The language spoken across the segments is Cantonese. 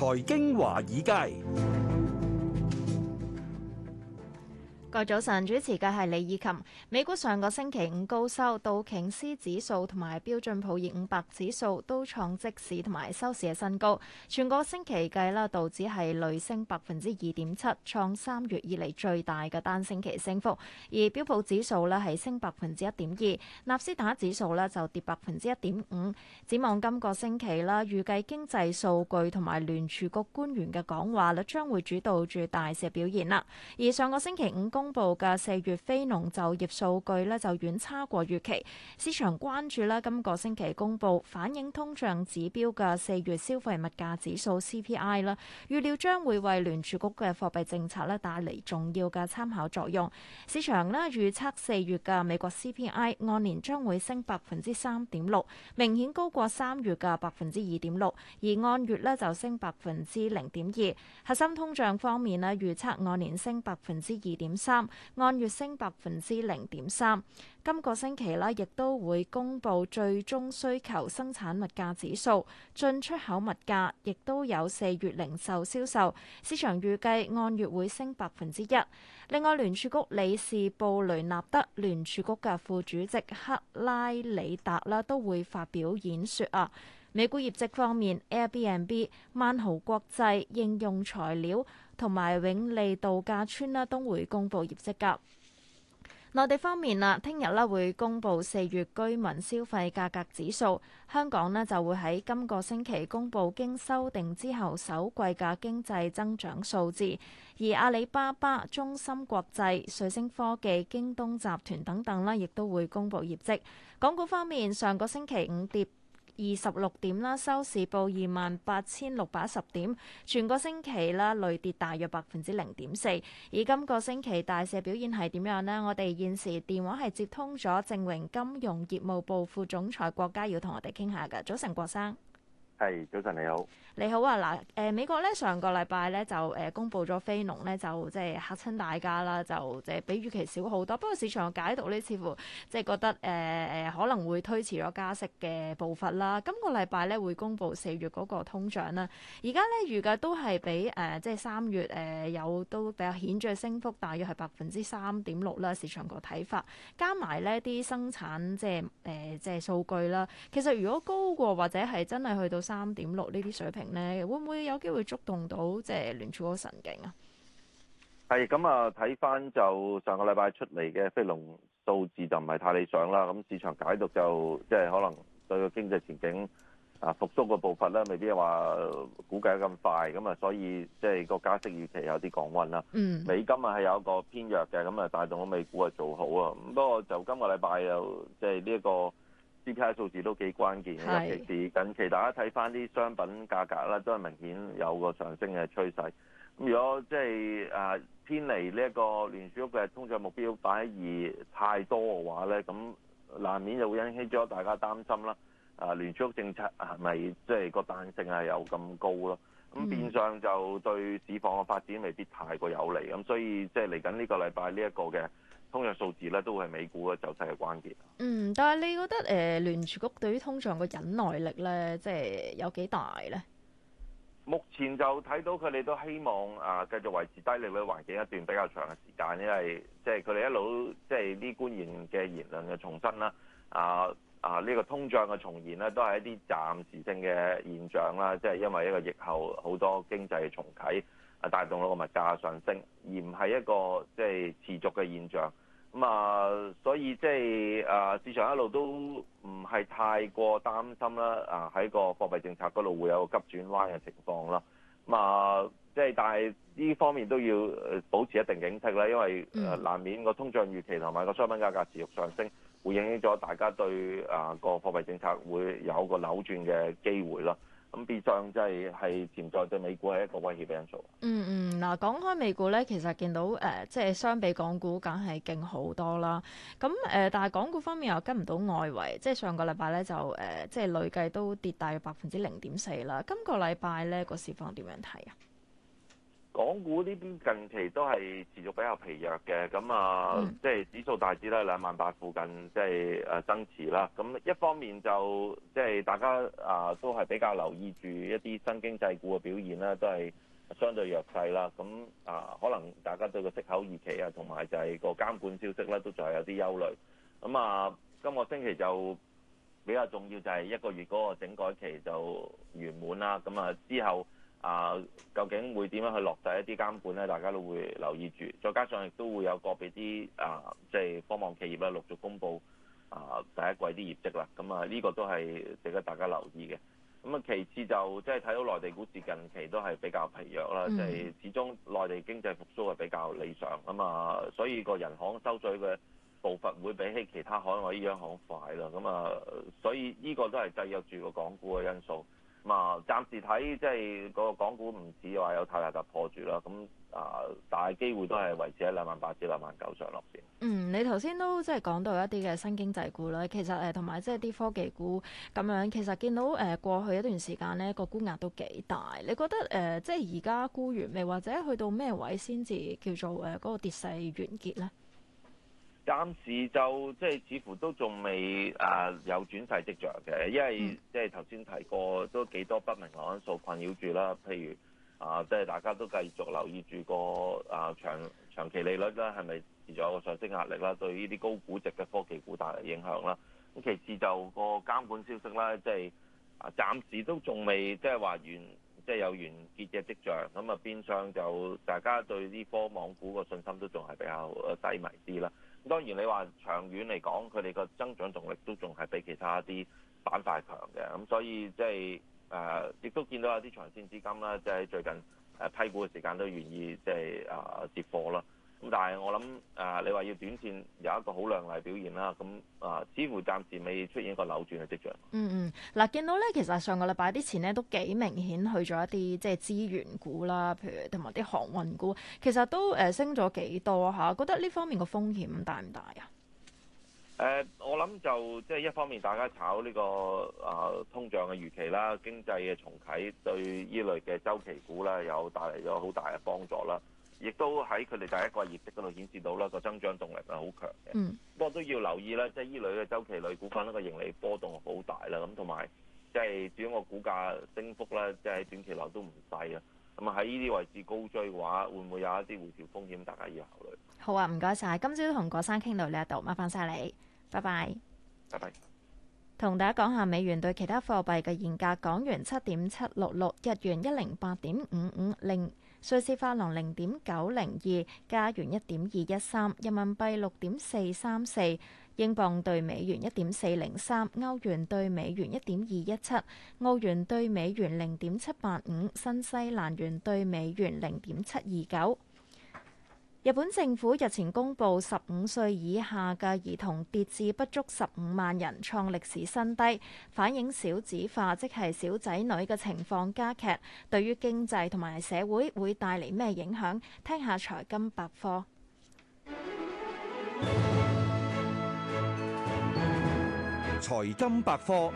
財經華爾街。早晨，主持嘅係李以琴。美股上個星期五高收，道瓊斯指數同埋標準普爾五百指數都創即市同埋收市嘅新高。全個星期計啦，道指係累升百分之二點七，創三月以嚟最大嘅單星期升幅；而標普指數咧係升百分之一點二，納斯達指數咧就跌百分之一點五。展望今個星期啦，預計經濟數據同埋聯儲局官員嘅講話咧，將會主導住大市表現啦。而上個星期五公公布嘅四月非農就業數據呢就遠差過預期，市場關注呢今個星期公布反映通脹指標嘅四月消費物價指數 CPI 啦，預料將會為聯儲局嘅貨幣政策呢帶嚟重要嘅參考作用。市場呢預測四月嘅美國 CPI 按年將會升百分之三點六，明顯高過三月嘅百分之二點六，而按月呢就升百分之零點二。核心通脹方面呢預測按年升百分之二點三。按月升百分之零點三，今個星期呢亦都會公布最終需求生產物價指數、進出口物價，亦都有四月零售銷售，市場預計按月會升百分之一。另外，聯儲局理事布雷納德、聯儲局嘅副主席克拉里達呢都會發表演說啊。美股業績方面，Airbnb、萬豪國際、應用材料。同埋永利度假村咧都會公布業績噶。內地方面啦，聽日咧會公布四月居民消費價格指數，香港咧就會喺今個星期公布經修訂之後首季嘅經濟增長數字。而阿里巴巴、中芯國際、瑞星科技、京東集團等等咧，亦都會公布業績，港股方面，上個星期五跌二十六點啦，收市報二萬八千六百一十點，全個星期啦，累跌大約百分之零點四。以今個星期大市表現係點樣呢？我哋現時電話係接通咗正榮金融業務部副總裁郭家耀，同我哋傾下嘅。早晨，郭生。係，早晨你好。你好啊，嗱、呃，誒美國咧上個禮拜咧就誒、呃、公佈咗非農咧就即係嚇親大家啦，就即係比預期少好多。不過市場嘅解讀咧似乎即係覺得誒誒、呃、可能會推遲咗加息嘅步伐啦。今個禮拜咧會公佈四月嗰個通脹啦，而家咧預計都係比誒、呃、即係三月誒、呃、有都比較顯著升幅，大約係百分之三點六啦。市場個睇法，加埋咧啲生產即係誒、呃、即係數據啦。其實如果高過或者係真係去到。三點六呢啲水平咧，會唔會有機會觸動到即係聯儲嗰個神經啊？係咁啊，睇、嗯、翻就上個禮拜出嚟嘅非農數字就唔係太理想啦。咁市場解讀就即係、就是、可能對個經濟前景啊復甦嘅步伐咧、啊，未必係話估計得咁快。咁啊，所以即係個加息預期有啲降溫啦。嗯。美金啊係有一個偏弱嘅，咁啊帶動咗美股啊做好啊。咁不過就今個禮拜又即係呢一個。CPI 數字都幾關鍵，尤其是近期大家睇翻啲商品價格啦，都係明顯有個上升嘅趨勢。咁如果即係誒偏離呢一個聯儲局嘅通脹目標反而太多嘅話咧，咁難免就會引起咗大家擔心啦。誒、啊、聯儲局政策係咪即係個彈性係有咁高咯？咁變相就對市況嘅發展未必太過有利。咁所以即係嚟緊呢個禮拜呢一個嘅。通脹數字咧都係美股嘅走勢嘅關鍵。嗯，但係你覺得誒、呃、聯儲局對於通脹嘅忍耐力咧，即係有幾大咧？目前就睇到佢哋都希望啊繼續維持低利率環境一段比較長嘅時間，因為即係佢哋一路即係啲官員嘅言論嘅重申啦。啊啊，呢個通脹嘅重現咧都係一啲暫時性嘅現象啦，即係因為一個疫後好多經濟嘅重啓啊，帶動到個物價上升，而唔係一個即係持續嘅現象。咁啊，所以即係啊，市場一路都唔係太過擔心啦。啊，喺個貨幣政策嗰度會有急轉彎嘅情況啦。咁啊，即係，但係呢方面都要保持一定警惕啦，因為難免個通脹預期同埋個商品價格持續上升，會影響咗大家對啊個貨幣政策會有個扭轉嘅機會啦。啊咁 B 相就係係潛在對美股係一個威脅因素。嗯嗯，嗱，講開美股咧，其實見到誒、呃，即係相比港股，梗係勁好多啦。咁誒、呃，但係港股方面又跟唔到外圍，即係上個禮拜咧就誒、呃，即係累計都跌大約百分之零點四啦。今個禮拜咧，個市況點樣睇啊？港股呢邊近期都係持續比較疲弱嘅，咁啊，嗯、即係指數大致都喺兩萬八附近，就是，即係誒增持啦。咁一方面就即係大家啊、呃、都係比較留意住一啲新經濟股嘅表現啦，都係相對弱勢啦。咁啊、呃，可能大家對個息口預期啊，同埋就係個監管消息咧，都仲係有啲憂慮。咁啊、呃，今個星期就比較重要就係一個月嗰個整改期就圓滿啦。咁啊之後。啊，究竟會點樣去落實一啲監管咧？大家都會留意住，再加上亦都會有個別啲啊，即係科網企業啦，陸續公布啊第一季啲業績啦。咁啊，呢個都係值得大家留意嘅。咁啊，其次就即係睇到內地股市近期都係比較疲弱啦，嗯、就係始終內地經濟復甦係比較理想，咁啊，所以個人行收水嘅步伐會比起其他海外依樣行快啦。咁啊，所以呢個都係制約住個港股嘅因素。啊，暫時睇即係個港股唔似話有太大嘅突破住啦。咁啊，大、呃、機會都係維持喺兩萬八至兩萬九上落線。嗯，你頭先都即係講到一啲嘅新經濟股啦，其實誒同埋即係啲科技股咁樣，其實見到誒、呃、過去一段時間咧個沽壓都幾大。你覺得誒、呃、即係而家沽完未，或者去到咩位先至叫做誒嗰、呃嗰個跌勢完結咧？暫時就即係似乎都仲未啊有轉勢跡象嘅，因為即係頭先提過都幾多不明朗因素困擾住啦。譬如啊，即係大家都繼續留意住個啊長長期利率啦，係咪持續有個上升壓力啦？對呢啲高估值嘅科技股帶嚟影響啦。咁其次就個監管消息啦，即係啊暫時都仲未即係話完，即係有完結嘅跡象。咁啊，變相，就大家對呢科網股個信心都仲係比較誒低迷啲啦。當然，你話長遠嚟講，佢哋個增長動力都仲係比其他一啲板塊強嘅，咁所以即係誒，亦都見到有啲長線資金啦，即係最近誒批股嘅時間都願意即係啊接貨啦。咁但係我諗，誒、呃，你話要短線有一個好亮麗表現啦，咁啊、呃，似乎暫時未出現一個扭轉嘅跡象。嗯嗯，嗱、嗯啊，見到咧，其實上個禮拜啲錢咧都幾明顯去咗一啲即係資源股啦，譬如同埋啲航運股，其實都誒、呃、升咗幾多吓、啊，覺得呢方面嘅風險大唔大啊？誒、呃，我諗就即係一方面，大家炒呢、這個啊、呃、通脹嘅預期啦，經濟嘅重啟對呢類嘅週期股啦，有帶嚟咗好大嘅幫助啦。亦都喺佢哋第一個業績嗰度顯示到啦，個增長動力係好強嘅。不過都要留意啦，即係呢類嘅週期類股份，呢個盈利波動好大啦。咁同埋即係主要個股價升幅咧，即係短期內都唔細啊。咁喺呢啲位置高追嘅話，會唔會有一啲回調風險，大家要考慮？好啊，唔該晒。今朝同郭生傾到呢一度，麻煩晒你，拜拜。拜拜。同大家講下美元對其他貨幣嘅現價，港元七點七六六，日元一零八點五五零。瑞士法郎零點九零二，加元一點二一三，人民幣六點四三四，英鎊兌美元一點四零三，歐元兌美元一點二一七，澳元兌美元零點七八五，新西蘭元兌美元零點七二九。日本政府日前公布，十五歲以下嘅兒童跌至不足十五萬人，創歷史新低，反映少子化，即係小仔女嘅情況加劇。對於經濟同埋社會會帶嚟咩影響？聽下財金百科。財金百科。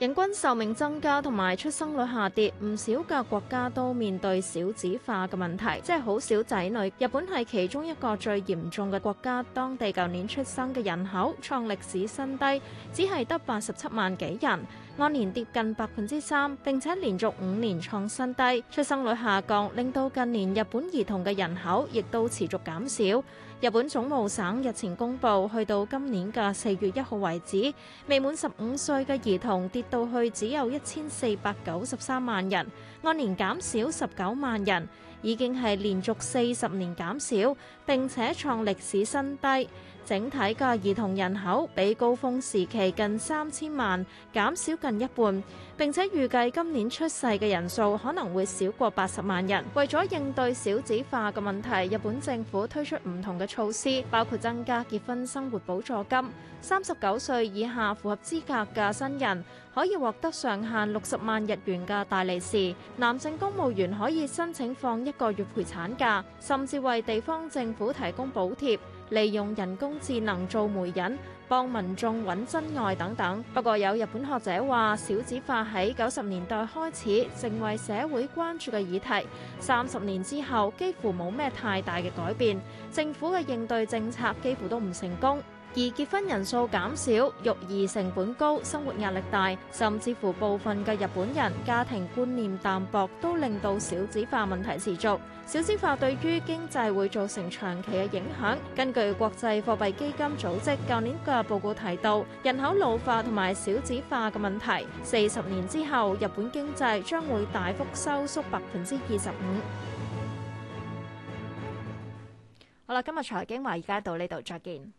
人均壽命增加同埋出生率下跌，唔少嘅國家都面對少子化嘅問題，即係好少仔女。日本係其中一個最嚴重嘅國家，當地舊年出生嘅人口創歷史新低，只係得八十七萬幾人。按年跌近百分之三，並且連續五年創新低。出生率下降，令到近年日本兒童嘅人口亦都持續減少。日本總務省日前公佈，去到今年嘅四月一號為止，未滿十五歲嘅兒童跌到去只有一千四百九十三萬人，按年減少十九萬人。已經係連續四十年減少，並且創歷史新低。整體嘅兒童人口比高峰時期近三千萬，減少近一半，並且預計今年出世嘅人數可能會少過八十萬人。為咗應對少子化嘅問題，日本政府推出唔同嘅措施，包括增加結婚生活補助金，三十九歲以下符合資格嘅新人。可以獲得上限六十萬日元嘅大利是，男性公務員可以申請放一個月陪產假，甚至為地方政府提供補貼，利用人工智能做媒人，幫民眾揾真愛等等。不過有日本學者話，少子化喺九十年代開始，成為社會關注嘅議題，三十年之後幾乎冇咩太大嘅改變，政府嘅應對政策幾乎都唔成功。而結婚人數減少、育兒成本高、生活壓力大，甚至乎部分嘅日本人家庭觀念淡薄，都令到少子化問題持續。少子化對於經濟會造成長期嘅影響。根據國際貨幣基金組織舊年嘅報告提到，人口老化同埋少子化嘅問題，四十年之後日本經濟將會大幅收縮百分之二十五。好啦，今日財經話而家到呢度，再見。